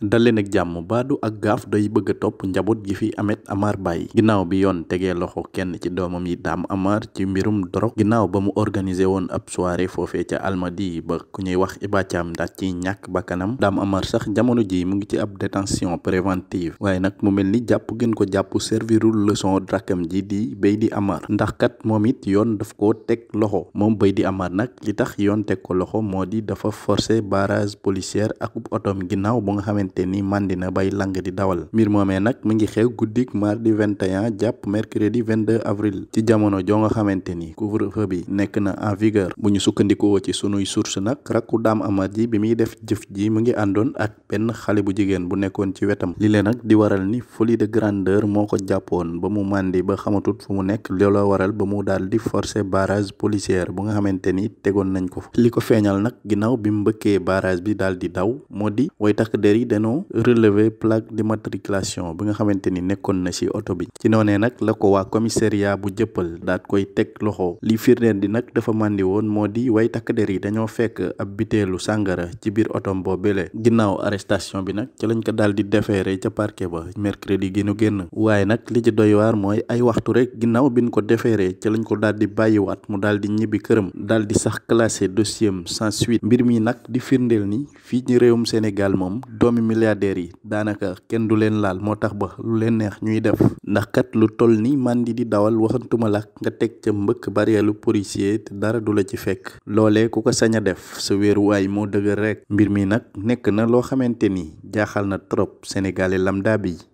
dalleen ak jàmm baadu ak gaaf day bëgg a topp njaboot gi fi amet Amar bàyyi ginnaaw bi yoon tegee loxo kenn ci doomam yi Dame Amar ci mbirum dorog ginnaaw ba mu organisé woon ab soirée foofee ca di ba ku ñuy wax Iba Thiam daat ci ñàkk bakkanam Dame Amar sax jamono ji mu ngi ci ab détention préventive waaye nag mu mel ni jàpp gën ko jàpp servirul leçon rakkam ji di Baïdy Amar ndax kat moom it yoon daf ko teg loxo moom di Amar nag li tax yoon teg ko loxo moo di dafa forcé barrage policière ak ub otom xamante ni màndi na bay lang di dawal mbir moomee nag mu ngi xew guddik mardi 21 jàpp mercredi 22 avril ci jamono joo nga xamante ni couvre-feu bi nekk na en vigueur bu ñu sukkandikoo ci sunuy source nag rakku daam amat ji bi muy def jëf ji mu ngi àndoon ak benn xale bu jigéen bu nekkoon ci wetam li nag di waral ni folie de grandeur moo ko jàppoon ba mu màndi ba xamatut fu mu nekk looloo waral ba mu daal di forcer barrage policière bu nga xamante ni tegoon nañ ko fa li ko feeñal nag ginnaaw bi mu mbëkkee barrage bi daal di daw dañoo relever plaque d'immatriculation bi nga xamante ni nekkoon na si oto bi ci noonee nag la ko waa commissariat bu jëppal daat koy teg loxo li firndeel di nag dafa màndi woon moo di way takk der yi dañoo fekk ab biteelu sàngara ci biir otom boo ginnaaw arrestation bi nag ca lañ ko daal di defeere ca parquet ba mercredi gi nu génn waaye nag li ci doy waar mooy ay waxtu rek ginnaaw biñ ko defeere ca lañ ko daal di bàyyiwaat mu daal di ñibbi këram daal di sax classé dossier am sans suite mbir mi nag di firndeel ni fii ci réewum Sénégal milliardaires yi daanaka kenn du leen laal moo tax ba lu leen neex ñuy def ndax kat lu toll ni màndi di dawal waxantuma la nga teg ca mbëkk bareelu policier te dara du la ci fekk loolee ku ko sañ a def sa wéeruwaay moo dëgër rek mbir mi nag nekk na loo xamante ni jaaxal na trop sénégalais lambda bi